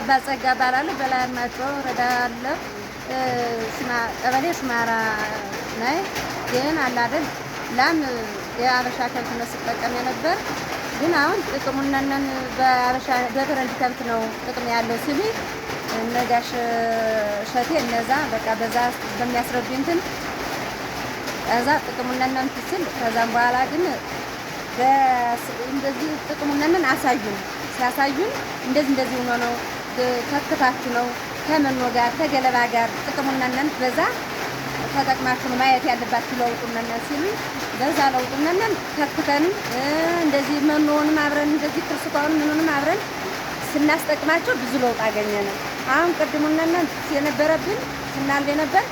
አባጸጋ እባላለሁ። በላይ አድማጮ ወረዳ አለሁ። ቀበሌ ስማራ ነይ። ግን አለ ላም የአበሻ ከብት ነው ስጠቀም የነበር። ግን አሁን ጥቅሙን ነን በአበሻ በፈረንጅ ከብት ነው ጥቅም ያለው ሲሉ እነጋሽ እሸቴ እነዛ በቃ በዛ በሚያስረዱ እንትን ከዛ ጥቅሙን ነን ትስል ከዛም በኋላ ግን እንደዚህ ጥቅሙነንን አሳዩን። ሲያሳዩን እንደዚህ እንደዚህ ሆኖ ነው ከክታችሁ ነው ከመኖ ጋር ከገለባ ጋር ጥቅሙነንን በዛ ተጠቅማችሁ ማየት ያለባችሁ ለውጡነንን ሲሉ በዛ ለውጡነንን ከክተን እንደዚህ መኖውንም አብረን እንደዚህ ክርስቷን ምኑንም አብረን ስናስጠቅማቸው ብዙ ለውጥ አገኘ ነው። አሁን ቅድሙነንን የነበረብን ስናልብ የነበር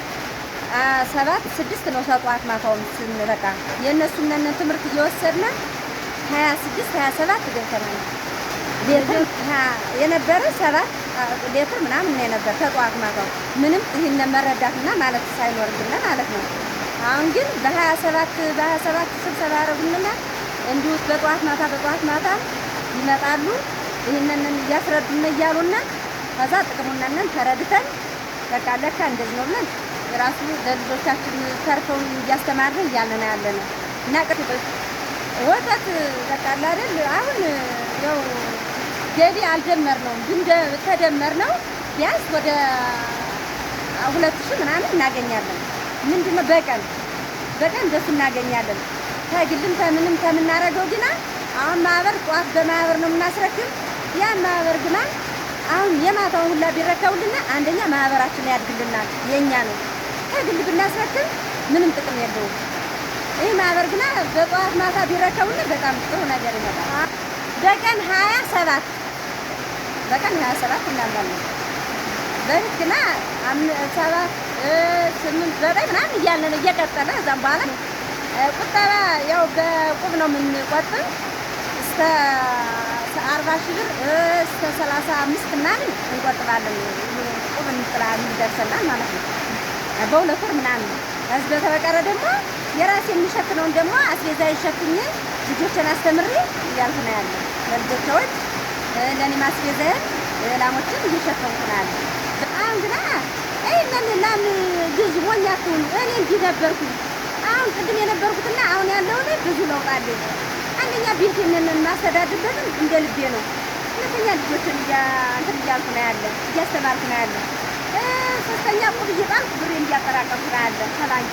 ሰባት ስድስት ነው ሰጧት ማታውን ስንበቃ የእነሱ ነን ትምህርት እየወሰድን ሀያ ስድስት ሀያ ሰባት ገብተናል። የነበረ ሰባት ሌትር ምናምን የነበር ተጧት ማታው ምንም ይህን መረዳትና ማለት ሳይኖርብን ማለት ነው። አሁን ግን በሀያ ሰባት በሀያ ሰባት ስብሰባ ያደረጉንና እንዲሁ በጠዋት ማታ በጠዋት ማታ ይመጣሉ። ይህንን እያስረዱን እያሉና ከዛ ጥቅሙናንን ተረድተን በቃ ለካ እንደዚህ ነው ብለን ራሱ ለልጆቻችን ተርፈው እያስተማርን እያለን ያለን እና ቅርጥ ወተት በቃል አይደል አሁን ያው ገቢ ነው ግን ነው ቢያንስ ወደ ሁለት ሺህ ምናምን እናገኛለን። ምንድን ነው በቀን በቀን ደስ እናገኛለን። ከግልም ከምንም ከምናረገው ግና አሁን ማህበር ጠዋት በማህበር ነው የምናስረክብ። ያ ማህበር ግና አሁን የማታውን ሁላ ቢረከቡልና አንደኛ ማህበራችን ያድግልናል፣ የእኛ ነው። ከግል ብናስረክብ ምንም ጥቅም የለውም። ይህ ማህበር ግና በጠዋት ማታ ቢረከቡን በጣም ጥሩ ነገር ይመጣል። በቀን ሀያ ሰባት በቀን ሀያ ሰባት እናምናለን። በፊት ሰባት ስምንት ዘጠኝ ምናምን እያልን ነው እየቀጠለ እዛም በኋላ ቁጠባ ያው በቁብ ነው የምንቆጥብ እስከ አርባ ሺህ ብር እስከ ሰላሳ አምስት ምናምን እንቆጥባለን። ቁብ እንጥላ የሚደርሰናል ማለት ነው። በሁለት ወር ምናምን እዝ በተበቀረ ደግሞ የራሴ የሚሸፍነውን ደግሞ አስቤዛ ይሸፍኝ ልጆችን አስተምሬ እያልኩ ነው ያለ ለልጆቻዎች ወድ ለእኔም አስቤዛዬን ላሞችን እየሸፈንኩ ነው ያለ። አሁን ግና ይህ ምን ላም ግዙ ሞኛትሁን እኔ እንዲህ ነበርኩ። አሁን ቅድም የነበርኩትና አሁን ያለውን ብዙ ለውጥ አለ። አንደኛ ቤቴን ማስተዳድርበትም እንደ ልቤ ነው። ሁለተኛ ልጆችን እንትን እያልኩ ነው ያለ እያስተማርኩ ነው ያለ ሶስተኛ ቁብ እየጣልኩ ብሬ እንዲያጠራቀም ስራ አለ ተላየ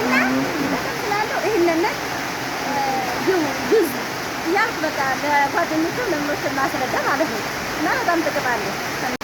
እና በጣም ስላለው ይህንን ግዙ እያልኩ በቃ ለጓደኞቹ ለምኖችን ማስረዳ ማለት ነው እና በጣም ጥቅም አለ።